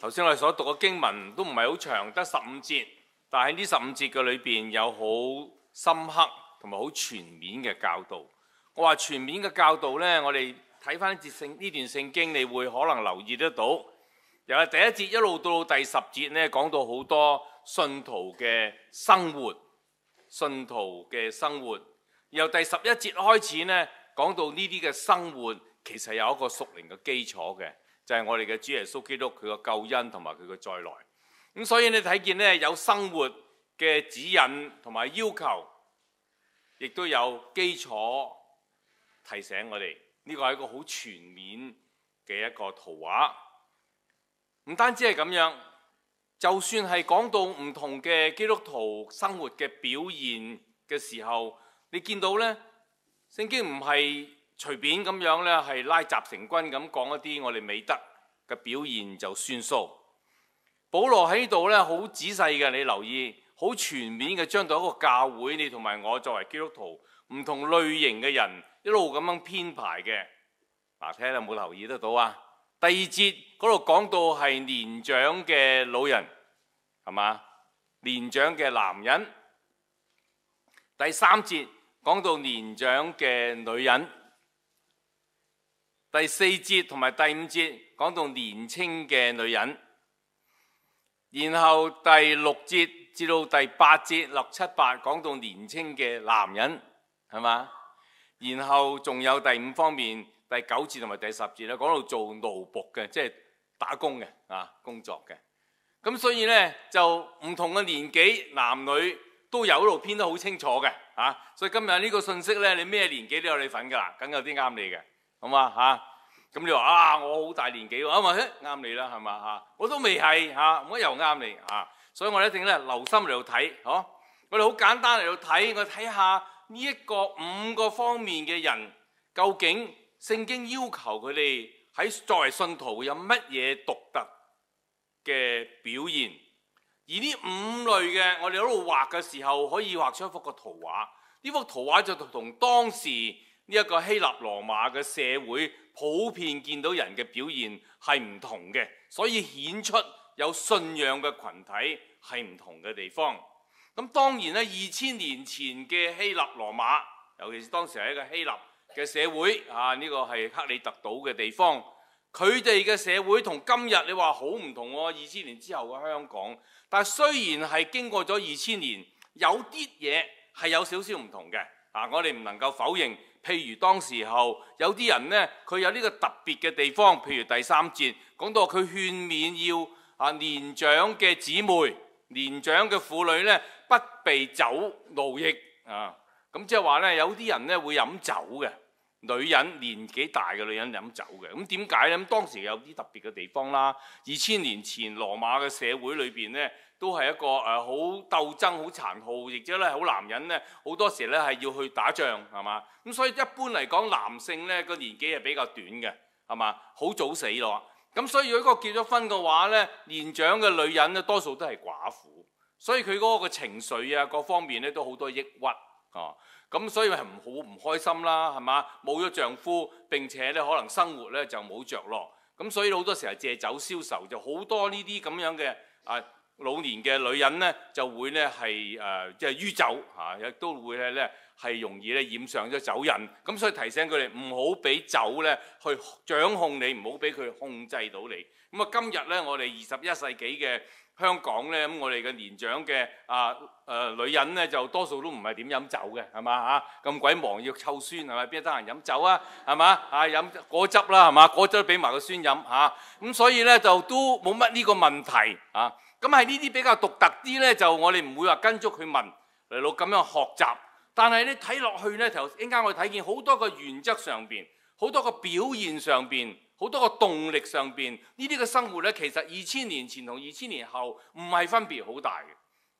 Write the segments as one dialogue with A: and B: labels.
A: 頭先我哋所讀嘅經文都唔係好長，得十五節，但係呢十五節嘅裏邊有好深刻同埋好全面嘅教導。我話全面嘅教導呢，我哋睇翻節聖呢段聖經，你會可能留意得到。由第一節一路到到第十節呢，講到好多信徒嘅生活，信徒嘅生活。由第十一節開始呢，講到呢啲嘅生活其實有一個屬靈嘅基礎嘅。就係我哋嘅主耶穌基督，佢嘅救恩同埋佢嘅再來。咁所以你睇見咧，有生活嘅指引同埋要求，亦都有基礎提醒我哋。呢個係一個好全面嘅一個圖畫。唔單止係咁樣，就算係講到唔同嘅基督徒生活嘅表現嘅時候，你見到咧，聖經唔係隨便咁樣咧，係拉雜成軍咁講一啲我哋美德嘅表現就算數。保羅喺度咧，好仔細嘅，你留意，好全面嘅將到一個教會，你同埋我作為基督徒唔同類型嘅人一路咁樣編排嘅。嗱、啊，聽有冇留意得到啊？第二節嗰度講到係年長嘅老人，係嘛？年長嘅男人。第三節講到年長嘅女人。第四節同埋第五節講到年輕嘅女人，然後第六節至到第八節六七八，講到年輕嘅男人，係嘛？然後仲有第五方面第九節同埋第十節咧，講到做奴僕嘅，即係打工嘅啊，工作嘅。咁所以呢，就唔同嘅年紀男女都有呢度編得好清楚嘅啊。所以今日呢個信息呢，你咩年紀都有你份噶啦，梗有啲啱你嘅。好嘛嚇，咁你話啊，我好大年紀喎，咁啊啱你啦，係嘛嚇？我都未係嚇，咁、啊、又啱你嚇、啊，所以我哋一定咧留心嚟度睇，嗬。我哋好簡單嚟度睇，我睇下呢一個五個方面嘅人，究竟聖經要求佢哋喺作為信徒有乜嘢獨特嘅表現？而呢五類嘅，我哋喺度畫嘅時候可以畫出一幅個圖畫，呢幅圖畫就同當時，呢一個希臘羅馬嘅社會，普遍見到人嘅表現係唔同嘅，所以顯出有信仰嘅群體係唔同嘅地方。咁當然咧，二千年前嘅希臘羅馬，尤其是當時係一個希臘嘅社會，啊，呢個係克里特島嘅地方，佢哋嘅社會同今日你話好唔同喎啊，二千年之後嘅香港，但係雖然係經過咗二千年，有啲嘢係有少少唔同嘅，啊，我哋唔能夠否認。譬如當時候有啲人呢，佢有呢個特別嘅地方，譬如第三節講到佢勸勉要啊年長嘅姊妹、年長嘅婦女呢，不被酒奴役啊，咁即係話呢有啲人呢會飲酒嘅女人，年紀大嘅女人飲酒嘅，咁點解呢？咁當時有啲特別嘅地方啦，二千年前羅馬嘅社會裏邊呢。都係一個誒，好鬥爭、好殘酷，亦即咧好男人咧，好多時咧係要去打仗，係嘛？咁所以一般嚟講，男性咧個年紀係比較短嘅，係嘛？好早死咯。咁所以如果結咗婚嘅話咧，年長嘅女人咧多數都係寡婦，所以佢嗰個情緒啊各方面咧都好多抑鬱啊。咁所以係唔好唔開心啦，係嘛？冇咗丈夫，並且咧可能生活咧就冇着落，咁所以好多時候借酒消愁，就好多呢啲咁樣嘅啊。老年嘅女人呢，就會呢係誒，即係酗酒嚇，亦、啊、都會咧係容易呢染上咗酒癮。咁所以提醒佢哋唔好俾酒呢去掌控你，唔好俾佢控制到你。咁啊，今日呢，我哋二十一世紀嘅香港呢，咁我哋嘅年長嘅啊、呃、女人呢，就多數都唔係點飲酒嘅，係嘛嚇？咁鬼忙要湊孫，係咪？邊得閒飲酒啊？係嘛啊？飲果汁啦係嘛？果汁俾埋個孫飲。咁所以呢，就都冇乜呢個問題，啊。咁係呢啲比較獨特啲呢，就我哋唔會話跟足佢問嚟到咁樣學習。但係呢睇落去呢，頭先間我哋睇見好多個原則上面，好多個表現上面，好多個動力上面。呢啲嘅生活呢，其實二千年前同二千年後唔係分別好大嘅。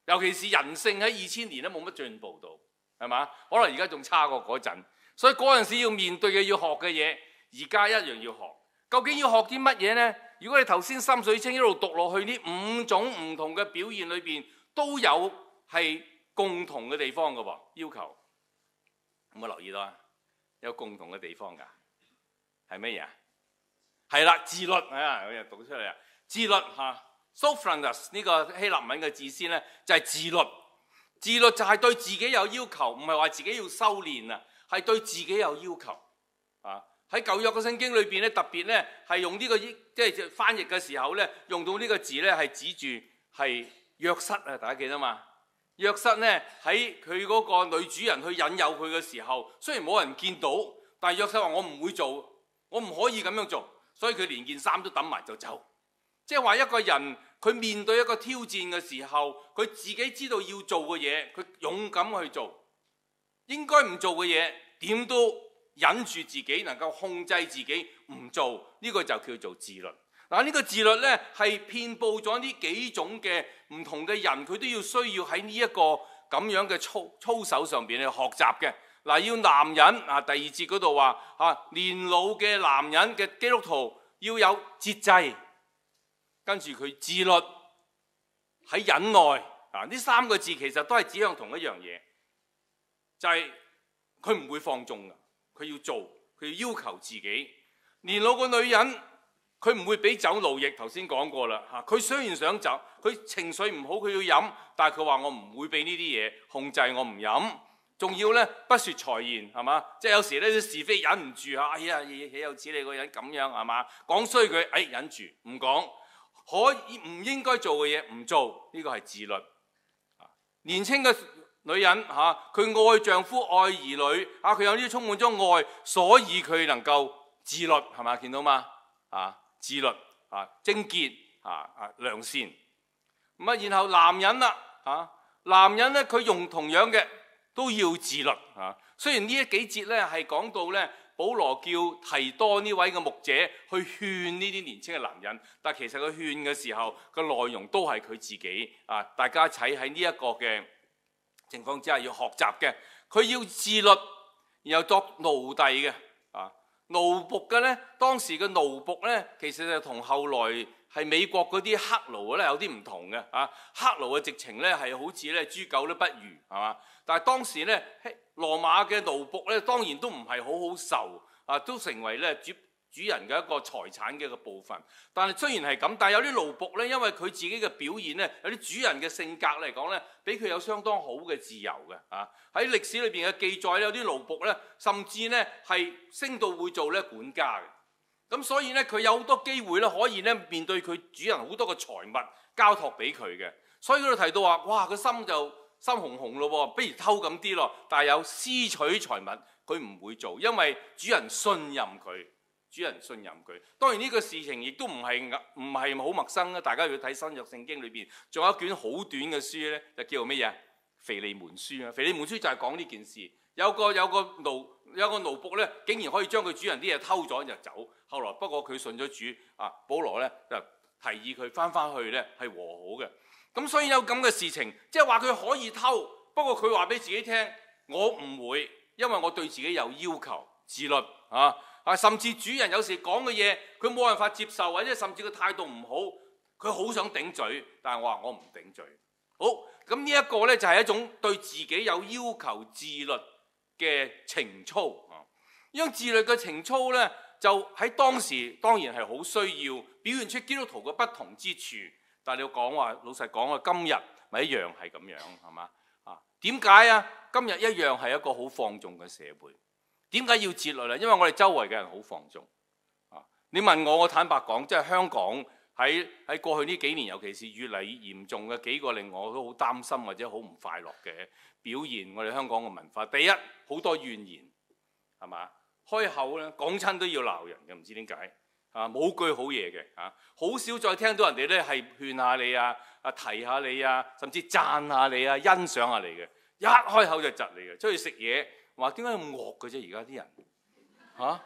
A: 尤其是人性喺二千年都冇乜進步到，係嘛？可能而家仲差過嗰陣。所以嗰陣時要面對嘅要學嘅嘢，而家一樣要學。究竟要學啲乜嘢呢？如果你頭先心水清一路讀落去呢五種唔同嘅表現裏邊，都有係共同嘅地方㗎喎。要求有冇留意到啊？有共同嘅地方㗎，係乜嘢啊？係啦，自律啊！我哋讀出嚟啊，自律嚇。啊，Sophron 呢個希臘文嘅字先咧，就係自律。自律就係對自己有要求，唔係話自己要修練啊，係對自己有要求啊。喺舊約嘅聖經裏邊咧，特別咧係用呢個即係翻譯嘅時候咧，用到呢個字咧係指住係約瑟。啊！大家記得嘛？約瑟咧喺佢嗰個女主人去引誘佢嘅時候，雖然冇人見到，但係約瑟話我唔會做，我唔可以咁樣做，所以佢連件衫都揼埋就走。即係話一個人佢面對一個挑戰嘅時候，佢自己知道要做嘅嘢，佢勇敢去做；應該唔做嘅嘢點都，忍住自己，能夠控制自己唔做，呢個就叫做自律。嗱，呢個自律咧係遍布咗呢幾種嘅唔同嘅人，佢都要需要喺呢一個咁樣嘅操操守上邊去學習嘅。嗱，要男人啊，第二節度話嚇年老嘅男人嘅基督徒要有節制，跟住佢自律喺忍耐啊，呢三個字其實都係指向同一樣嘢，就係佢唔會放縱㗎。佢要做，佢要要求自己。年老嘅女人，佢唔會俾酒奴役。頭先講過啦，嚇。佢雖然想走，佢情緒唔好，佢要飲，但係佢話：我唔會俾呢啲嘢控制我，我唔飲。仲要呢，不説財言係嘛？即係有時呢，啲是非忍唔住啊！哎呀，豈有此理個人咁樣係嘛？講衰佢，哎，忍住唔講。可以唔應該做嘅嘢唔做，呢個係自律。年輕嘅，女人嚇，佢愛丈夫、愛兒女，嚇，佢有啲充滿咗愛，所以佢能夠自律，係嘛？見到嘛？啊，自律啊，貞潔啊，啊，良善。咁啊，然後男人啦嚇，男人咧，佢用同樣嘅都要自律嚇。雖然呢一幾節咧係講到咧，保羅叫提多呢位嘅牧者去勸呢啲年輕嘅男人，但其實佢勸嘅時候個內容都係佢自己啊。大家睇喺呢一個嘅情況之下要學習嘅，佢要自律，然後作奴隸嘅，啊奴僕嘅呢，當時嘅奴僕呢，其實就同後來係美國嗰啲黑奴嘅呢有啲唔同嘅，啊黑奴嘅直情呢，係好似呢豬狗都不如，係嘛？但係當時呢，羅馬嘅奴僕呢，當然都唔係好好受，啊都成為呢主人嘅一個財產嘅一個部分，但係雖然係咁，但係有啲奴僕咧，因為佢自己嘅表現咧，有啲主人嘅性格嚟講咧，俾佢有相當好嘅自由嘅啊。喺歷史裏邊嘅記載咧，有啲奴僕咧，甚至咧係升到會做咧管家嘅。咁所以咧，佢有好多機會咧，可以咧面對佢主人好多嘅財物交託俾佢嘅。所以佢度提到話，哇，個心就心紅紅咯，不如偷咁啲咯。但係有私取財物，佢唔會做，因為主人信任佢。主人信任佢，當然呢個事情亦都唔係唔係好陌生啊！大家要睇新約聖經裏邊，仲有一卷好短嘅書呢就叫做咩嘢《腓利門書》啊，《腓利門書》就係講呢件事。有個有個奴有個奴僕咧，竟然可以將佢主人啲嘢偷咗就走。後來不過佢信咗主啊，保羅呢，就提議佢翻返去呢係和好嘅。咁所以有咁嘅事情，即係話佢可以偷，不過佢話俾自己聽：我唔會，因為我對自己有要求、自律啊。啊！甚至主人有時講嘅嘢，佢冇辦法接受，或者甚至個態度唔好，佢好想頂嘴，但係我話我唔頂嘴。好，咁呢一個呢，就係一種對自己有要求、自律嘅情操。呢種自律嘅情操呢，就喺當時當然係好需要，表現出基督徒嘅不同之處。但係你要講話老實講啊，今日咪一樣係咁樣係嘛？啊，點解啊？今日一樣係一個好放縱嘅社會。點解要截落嚟？因為我哋周圍嘅人好放縱啊！你問我，我坦白講，即係香港喺喺過去呢幾年，尤其是越嚟越嚴重嘅幾個令我都好擔心或者好唔快樂嘅表現，我哋香港嘅文化。第一，好多怨言係嘛？開口咧講親都要鬧人嘅，唔知點解啊！冇句好嘢嘅啊，好少再聽到人哋咧係勸下你啊、提下你啊，甚至讚下你啊、欣賞下你嘅，一開口就窒你嘅，出去食嘢。話點解咁惡嘅啫？而家啲人嚇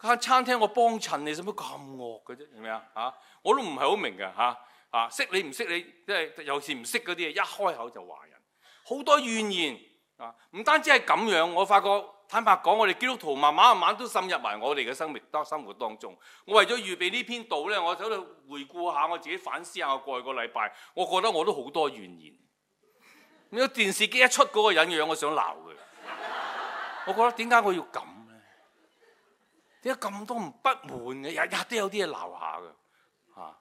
A: 間、啊、餐廳我幫襯你，使乜咁惡嘅啫？係咪啊？嚇我都唔係好明嘅嚇嚇識你唔識你，即係有時唔識嗰啲嘢，一開口就話人好多怨言啊！唔單止係咁樣，我發覺坦白講，我哋基督徒慢慢慢都滲入埋我哋嘅生命當生活當中。我為咗預備呢篇道咧，我喺度回顧下，我自己反思下我過去個禮拜，我覺得我都好多怨言。你個電視機一出嗰個人嘅樣，我想鬧佢。我覺得點解我要咁呢？點解咁多唔不滿嘅，日日都有啲嘢鬧下嘅，嚇！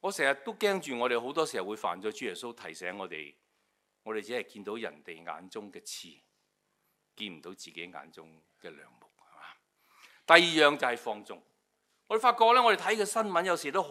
A: 我成日都驚住，我哋好多時候會犯咗主耶穌提醒我哋，我哋只係見到人哋眼中嘅刺，見唔到自己眼中嘅樑木，係嘛？第二樣就係放縱。我哋發覺咧，我哋睇嘅新聞有時都好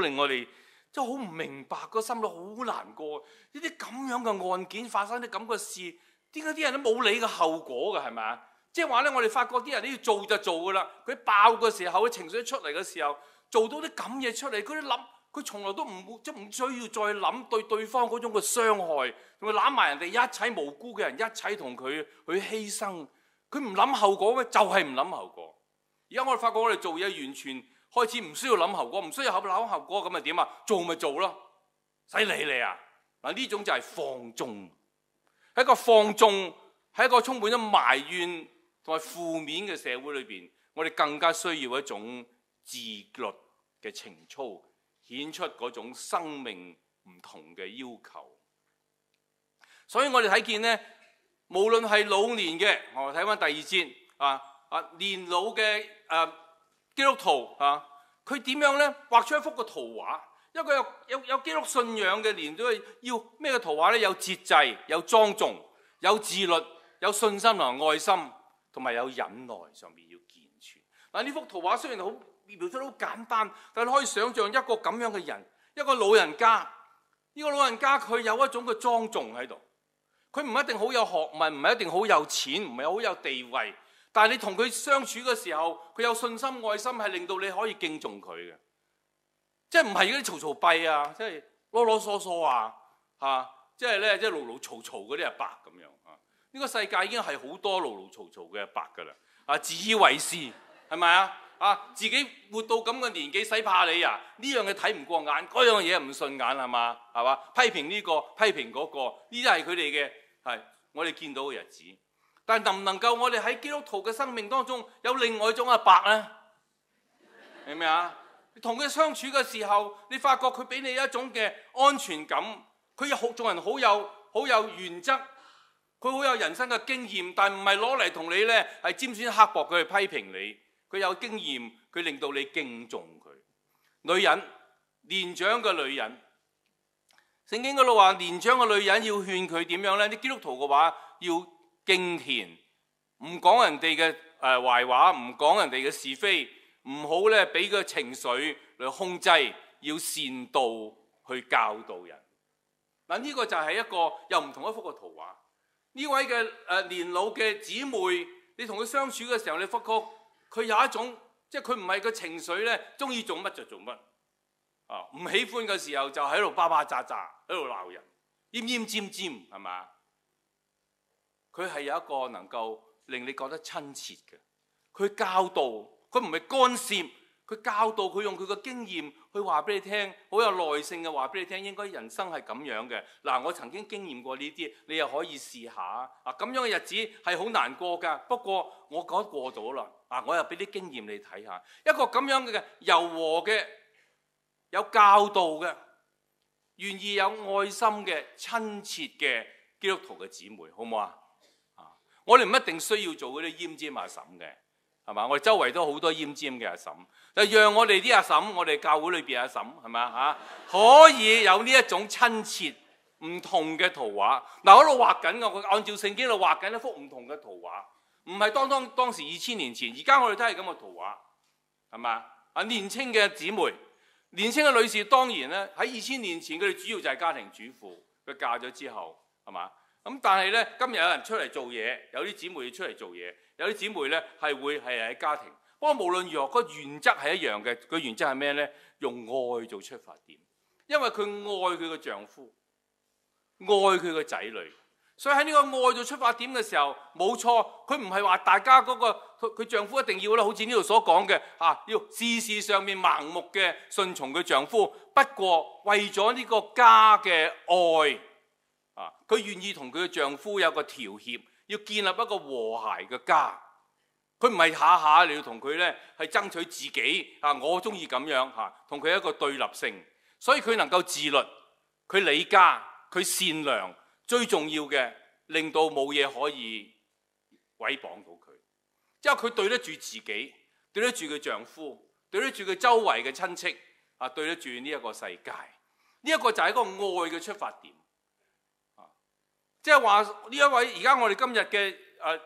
A: 令我哋，即係好唔明白，個心裏好難過。呢啲咁樣嘅案件發生，啲咁嘅事。點解啲人都冇理嘅後果㗎？係咪啊？即係話咧，我哋發覺啲人都要做就做㗎啦。佢爆嘅時候，佢情緒一出嚟嘅時候，做到啲咁嘢出嚟，佢都諗，佢從來都唔會，即唔需要再諗對對方嗰種嘅傷害，同埋攬埋人哋一切無辜嘅人，一齊同佢去犧牲，佢唔諗後果嘅，就係唔諗後果。而家我哋發覺我哋做嘢完全開始唔需要諗後果，唔需要考慮諗後果咁咪點啊？做咪做咯，使理你啊！嗱呢種就係放縱。喺一個放縱，喺一個充滿咗埋怨同埋負面嘅社會裏邊，我哋更加需要一種自律嘅情操，顯出嗰種生命唔同嘅要求。所以我哋睇見呢，無論係老年嘅，我睇翻第二節啊，啊年老嘅誒、呃、基督徒啊，佢點樣呢？畫出一幅個圖畫。一個有有有基督信仰嘅年都要咩嘅圖畫咧？有節制，有莊重，有自律，有信心同愛心，同埋有忍耐，上面要健全。嗱，呢幅圖畫雖然好描述得好簡單，但係你可以想象，一個咁樣嘅人，一個老人家。呢、這個老人家佢有一種嘅莊重喺度，佢唔一定好有學問，唔係一定好有錢，唔係好有地位。但係你同佢相處嘅時候，佢有信心、愛心，係令到你可以敬重佢嘅。即係唔係嗰啲嘈嘈閉啊！即係囉囉嗦嗦啊！嚇、啊！即係咧，即係囉囉嘈嘈嗰啲阿伯咁樣啊！呢、這個世界已經係好多囉囉嘈嘈嘅阿伯噶啦！啊，自以為是，係咪啊？啊，自己活到咁嘅年紀，使怕你啊？呢樣嘢睇唔過眼，嗰樣嘢唔順眼，係嘛？係嘛？批評呢、這個，批評嗰、那個，呢啲係佢哋嘅係我哋見到嘅日子。但能唔能夠我哋喺基督徒嘅生命當中有另外一種阿伯咧？明唔明啊？同佢相處嘅時候，你發覺佢俾你一種嘅安全感。佢好，做人好有好有原則。佢好有人生嘅經驗，但唔係攞嚟同你呢係尖酸刻薄佢去批評你。佢有經驗，佢令到你敬重佢。女人，年長嘅女人，聖經嗰度話年長嘅女人要勸佢點樣呢？啲基督徒嘅話要敬虔，唔講人哋嘅誒壞話，唔講人哋嘅是非。唔好咧，俾個情緒嚟控制，要善道去教導人。嗱、啊，呢、這個就係一個又唔同一幅嘅圖畫。呢位嘅誒、呃、年老嘅姊妹，你同佢相處嘅時候，你發覺，佢有一種，即係佢唔係個情緒咧，中意做乜就做乜。哦、啊，唔喜歡嘅時候就喺度巴巴喳喳，喺度鬧人，奄奄尖尖係嘛？佢係有一個能夠令你覺得親切嘅，佢教導。佢唔係干涉，佢教導佢用佢嘅經驗去話俾你聽，好有耐性嘅話俾你聽，應該人生係咁樣嘅。嗱，我曾經經驗過呢啲，你又可以試下啊！咁樣嘅日子係好難過㗎，不過我覺得過咗啦。嗱，我又俾啲經驗你睇下，一個咁樣嘅柔和嘅、有教導嘅、願意有愛心嘅、親切嘅基督徒嘅姊妹，好唔好啊？我哋唔一定需要做嗰啲奄尖馬審嘅。係嘛？我哋周圍都好多奄尖嘅阿嬸，就讓我哋啲阿嬸，我哋教會裏邊阿嬸，係咪？啊？ 可以有呢一種親切唔同嘅圖畫。嗱，我喺度畫緊噶，我按照聖經度畫緊一幅唔同嘅圖畫，唔係當當當時二千年前，而家我哋都係咁嘅圖畫，係嘛？啊，年青嘅姊妹，年青嘅女士，當然咧喺二千年前，佢哋主要就係家庭主婦，佢嫁咗之後，係嘛？咁但係呢，今日有人出嚟做嘢，有啲姊妹出嚟做嘢，有啲姊妹呢係會係喺家庭。不過無論如何，個原則係一樣嘅。個原則係咩呢？用愛做出發點，因為佢愛佢個丈夫，愛佢個仔女，所以喺呢個愛做出發點嘅時候，冇錯，佢唔係話大家嗰、嗰個佢丈夫一定要啦，好似呢度所講嘅嚇，要、啊、事事上面盲目嘅順從佢丈夫。不過為咗呢個家嘅愛。啊！佢願意同佢嘅丈夫有個調協，要建立一個和諧嘅家。佢唔係下下你要同佢呢係爭取自己。啊，我中意咁樣嚇，同佢一個對立性。所以佢能夠自律，佢理家，佢善良，最重要嘅令到冇嘢可以詆譭到佢。因為佢對得住自己，對得住佢丈夫，對得住佢周圍嘅親戚，啊，對得住呢一個世界。呢一個就係一個愛嘅出發點。即係話呢一位而家我哋今日嘅誒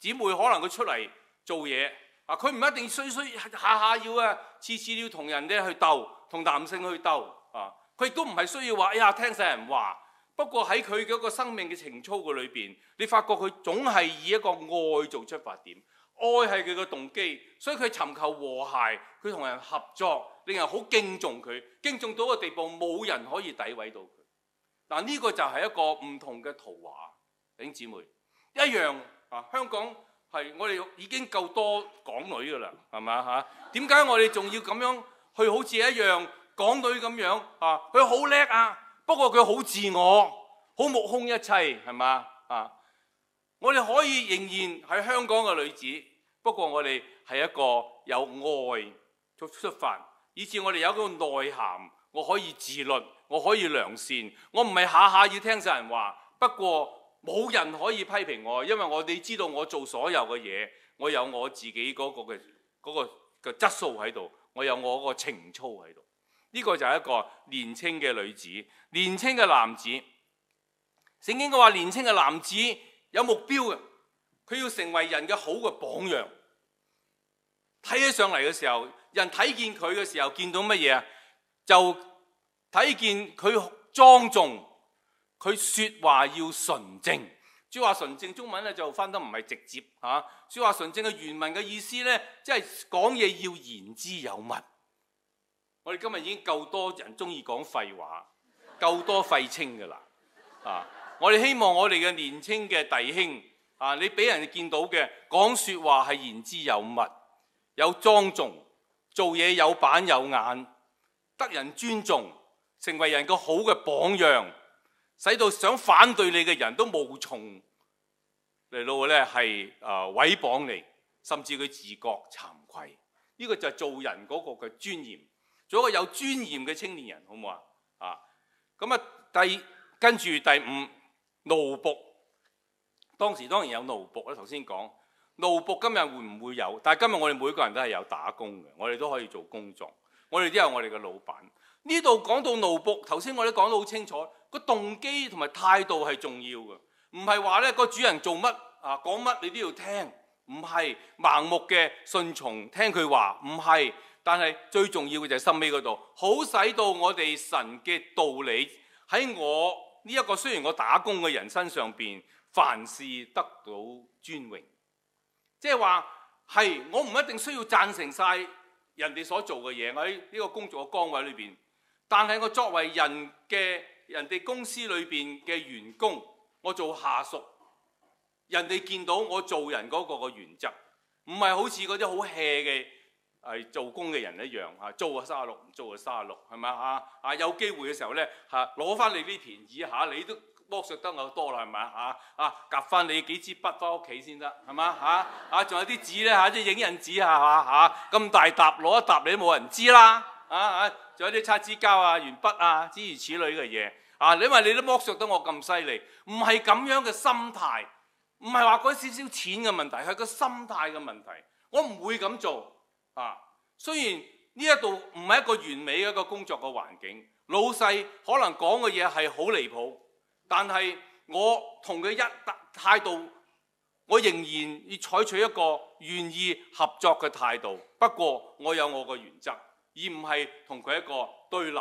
A: 姊妹，可能佢出嚟做嘢啊，佢唔一定需需下下要啊，次次要同人哋去鬥，同男性去鬥啊。佢亦都唔係需要話，哎呀，聽曬人話。不過喺佢嗰個生命嘅情操嘅裏邊，你發覺佢總係以一個愛做出發點，愛係佢嘅動機，所以佢尋求和諧，佢同人合作，令人好敬重佢，敬重到一個地步，冇人可以詆毀到。嗱，呢個就係一個唔同嘅圖畫，兄姊妹一樣啊！香港係我哋已經夠多港女噶啦，係嘛嚇？啊、點解我哋仲要咁樣去好似一樣港女咁樣啊？佢好叻啊，不過佢好自我，好目空一切，係嘛啊？我哋可以仍然係香港嘅女子，不過我哋係一個有愛作出發，以至我哋有個內涵，我可以自律。我可以良善，我唔係下下要聽晒人話。不過冇人可以批評我，因為我哋知道我做所有嘅嘢，我有我自己嗰個嘅嗰個嘅質素喺度，我有我個情操喺度。呢、這個就係一個年青嘅女子，年青嘅男子。聖經嘅話：年青嘅男子有目標嘅，佢要成為人嘅好嘅榜樣。睇起上嚟嘅時候，人睇見佢嘅時候，見到乜嘢啊？就睇見佢莊重，佢說話要純正。說話純正，中文咧就翻得唔係直接吓。即，啊，說話純正嘅原文嘅意思呢，即係講嘢要言之有物。我哋今日已經夠多人中意講廢話，夠多廢青噶啦。啊，我哋希望我哋嘅年青嘅弟兄啊，你俾人見到嘅講說話係言之有物，有莊重，做嘢有板有眼，得人尊重。成為人個好嘅榜樣，使到想反對你嘅人都無從嚟，到咧係誒毀謗你，甚至佢自覺慚愧。呢、這個就係做人嗰個嘅尊嚴，做一個有尊嚴嘅青年人，好唔好啊？啊，咁啊，第跟住第五奴僕，當時當然有奴僕啦。頭先講奴僕，今日會唔會有？但係今日我哋每個人都係有打工嘅，我哋都可以做工作，我哋都有我哋嘅老闆。呢度講到奴僕，頭先我哋講得好清楚，個動機同埋態度係重要嘅，唔係話呢個主人做乜啊講乜你都要聽，唔係盲目嘅順從聽佢話，唔係。但係最重要嘅就係心尾嗰度，好使到我哋神嘅道理喺我呢一個雖然我打工嘅人身上邊，凡事得到尊榮，即係話係我唔一定需要贊成晒人哋所做嘅嘢喺呢個工作嘅崗位裏邊。但係我作為人嘅人哋公司裏邊嘅員工，我做下屬，人哋見到我做人嗰個個原則，唔係好似嗰啲好 hea 嘅係做工嘅人一樣嚇，租個卅六唔租個卅六係咪啊？啊有機會嘅時候咧嚇，攞翻你啲便宜嚇，你都剝削得我多啦係咪啊？啊啊夾翻你幾支筆翻屋企先得係咪？嚇啊仲有啲紙咧嚇，即係影印紙嚇嚇咁大沓攞一沓你都冇人知啦啊啊！仲有啲擦紙膠啊、鉛筆啊，諸如此類嘅嘢啊！你話你都剝削得我咁犀利，唔係咁樣嘅心態，唔係話嗰少少錢嘅問題，係個心態嘅問題。我唔會咁做啊！雖然呢一度唔係一個完美嘅一個工作嘅環境，老細可能講嘅嘢係好離譜，但係我同佢一態度，我仍然要採取一個願意合作嘅態度。不過我有我嘅原則。而唔係同佢一個對立，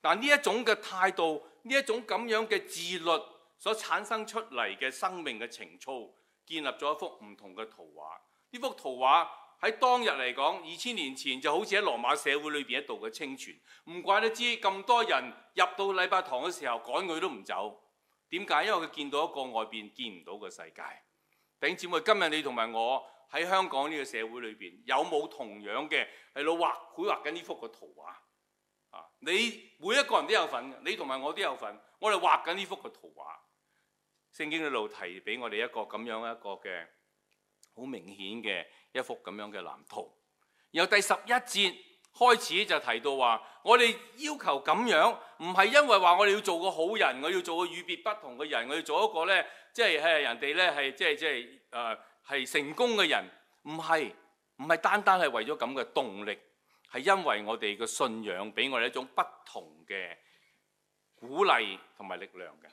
A: 但呢一種嘅態度，呢一種咁樣嘅自律所產生出嚟嘅生命嘅情操，建立咗一幅唔同嘅圖畫。呢幅圖畫喺當日嚟講，二千年前就好似喺羅馬社會裏邊一道嘅清泉。唔怪得知咁多人入到禮拜堂嘅時候，趕佢都唔走。點解？因為佢見到一個外邊見唔到嘅世界。弟兄姊妹，今日你同埋我。喺香港呢個社會裏邊，有冇同樣嘅係老畫繪畫緊呢幅嘅圖畫？啊！你每一個人都有份，你同埋我都有份。我哋畫緊呢幅嘅圖畫。聖經裏度提俾我哋一個咁樣一個嘅好明顯嘅一幅咁樣嘅藍圖。由第十一節開始就提到話，我哋要求咁樣，唔係因為話我哋要做個好人，我要做個與別不同嘅人，我要做一個咧，即係誒人哋咧係即係即係誒。就是就是呃係成功嘅人，唔係唔係單單係為咗咁嘅動力，係因為我哋嘅信仰俾我哋一種不同嘅鼓勵同埋力量嘅。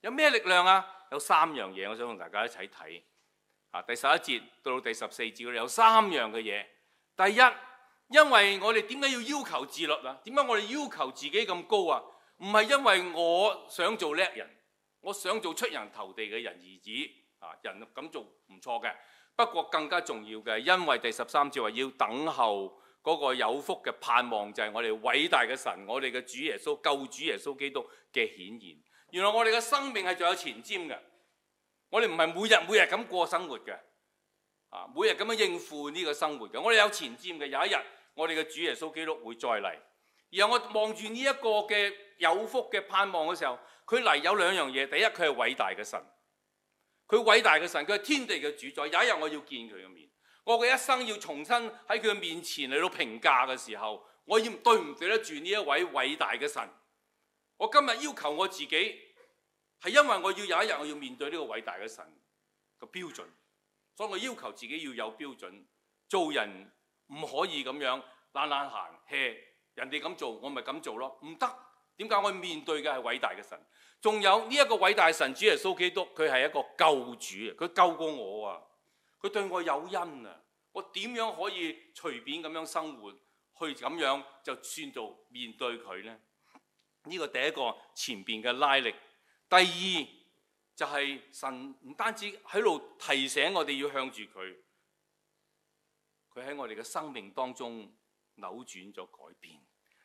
A: 有咩力量啊？有三樣嘢，我想同大家一齊睇。啊，第十一節到到第十四節咧，有三樣嘅嘢。第一，因為我哋點解要要求自律啊？點解我哋要求自己咁高啊？唔係因為我想做叻人，我想做出人頭地嘅人而止。啊，人咁做唔錯嘅，不過更加重要嘅，因為第十三節話要等候嗰個有福嘅盼望，就係我哋偉大嘅神，我哋嘅主耶穌救主耶穌基督嘅顯現。原來我哋嘅生命係仲有前瞻嘅，我哋唔係每日每日咁過生活嘅，啊，每日咁樣應付呢個生活嘅，我哋有前瞻嘅，有一日我哋嘅主耶穌基督會再嚟。然後我望住呢一個嘅有福嘅盼望嘅時候，佢嚟有兩樣嘢，第一，佢係偉大嘅神。佢偉大嘅神，佢係天地嘅主宰。有一日我要見佢嘅面，我嘅一生要重新喺佢嘅面前嚟到評價嘅時候，我要對唔對得住呢一位偉大嘅神。我今日要求我自己，係因為我要有一日我要面對呢個偉大嘅神嘅標準，所以我要求自己要有標準，做人唔可以咁樣懶懶閒 hea，人哋咁做我咪咁做咯，唔得。點解我面對嘅係偉大嘅神？仲有呢一個偉大嘅神主耶穌基督，佢係一個救主，佢救過我啊！佢對我有恩啊！我點樣可以隨便咁樣生活，去咁樣就算做面對佢呢？呢個第一個前邊嘅拉力。第二就係神唔單止喺度提醒我哋要向住佢，佢喺我哋嘅生命當中扭轉咗改變。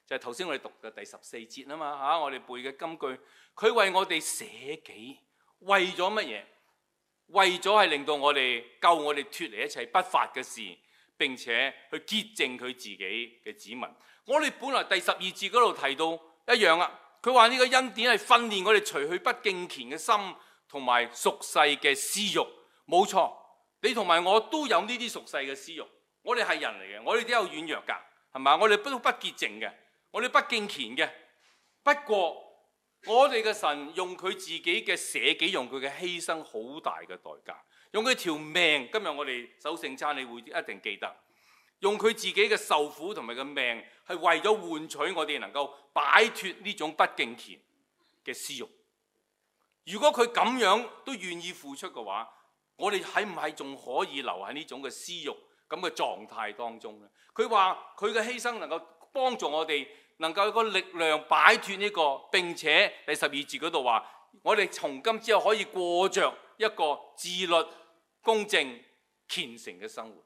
A: 就係頭先我哋讀嘅第十四節啊嘛嚇，我哋背嘅金句，佢為我哋捨己，為咗乜嘢？為咗係令到我哋救我哋脱離一切不法嘅事，並且去潔淨佢自己嘅子民。我哋本來第十二節嗰度提到一樣啊，佢話呢個恩典係訓練我哋除去不敬虔嘅心，同埋俗世嘅私欲。冇錯，你同埋我都有呢啲俗世嘅私欲。我哋係人嚟嘅，我哋都有軟弱㗎。係咪我哋都不不潔淨嘅？我哋不敬虔嘅，不過我哋嘅神用佢自己嘅捨己，用佢嘅犧牲好大嘅代價，用佢條命。今日我哋守聖餐，你會一定記得，用佢自己嘅受苦同埋嘅命，係為咗換取我哋能夠擺脱呢種不敬虔嘅私欲。如果佢咁樣都願意付出嘅話，我哋係唔係仲可以留喺呢種嘅私欲咁嘅狀態當中呢？佢話佢嘅犧牲能夠幫助我哋能夠有一個力量擺脫呢個，並且第十二節嗰度話，我哋從今之後可以過着一個自律、公正、虔誠嘅生活。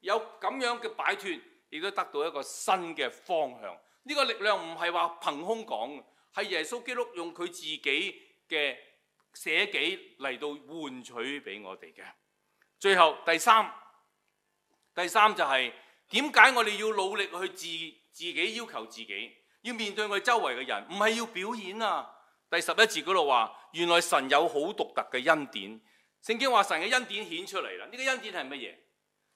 A: 有咁樣嘅擺脫，亦都得到一個新嘅方向。呢個力量唔係話憑空講嘅，係耶穌基督用佢自己嘅捨己嚟到換取俾我哋嘅。最後第三，第三就係、是。點解我哋要努力去自自己要求自己，要面對我周圍嘅人，唔係要表演啊？第十一節嗰度話，原來神有好獨特嘅恩典。聖經話神嘅恩典顯出嚟啦。呢個恩典係乜嘢？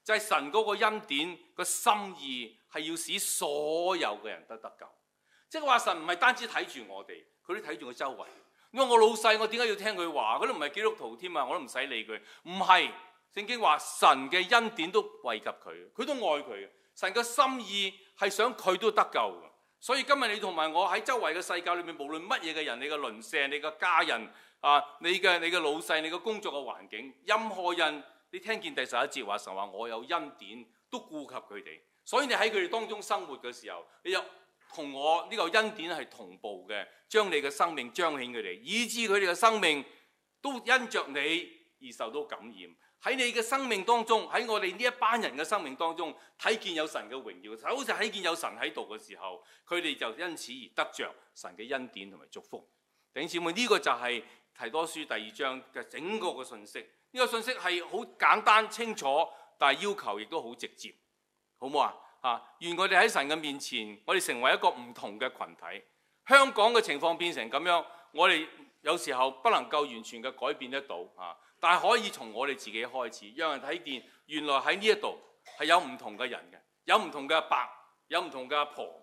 A: 就係神嗰個恩典個心意係要使所有嘅人都得救。即係話神唔係單止睇住我哋，佢都睇住我周圍。我話我老細，我點解要聽佢話？佢都唔係基督徒添啊，我都唔使理佢。唔係。聖經話神嘅恩典都惠及佢，佢都愛佢，神嘅心意係想佢都得救嘅，所以今日你同埋我喺周圍嘅世界裏面，無論乜嘢嘅人，你嘅鄰舍，你嘅家人啊，你嘅你嘅老細，你嘅工作嘅環境，任何人你聽見第十一節話神話我有恩典都顧及佢哋，所以你喺佢哋當中生活嘅時候，你有同我呢個恩典係同步嘅，將你嘅生命彰顯佢哋，以致佢哋嘅生命都因着你而受到感染。喺你嘅生命當中，喺我哋呢一班人嘅生命當中，睇見有神嘅榮耀，就好似睇見有神喺度嘅時候，佢哋就因此而得着神嘅恩典同埋祝福。弟兄姊妹，呢個就係提多書第二章嘅整個嘅信息。呢個信息係好簡單清楚，但係要求亦都好直接，好唔好啊？啊，願我哋喺神嘅面前，我哋成為一個唔同嘅群體。香港嘅情況變成咁樣，我哋有時候不能夠完全嘅改變得到啊。但係可以從我哋自己開始，讓人睇見原來喺呢一度係有唔同嘅人嘅，有唔同嘅阿伯，有唔同嘅阿婆，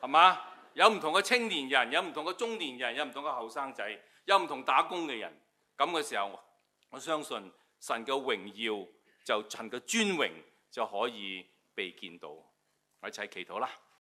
A: 係嘛？有唔同嘅青年人，有唔同嘅中年人，有唔同嘅後生仔，有唔同打工嘅人。咁嘅時候，我相信神嘅榮耀就神嘅尊榮就可以被見到。我一齊祈禱啦。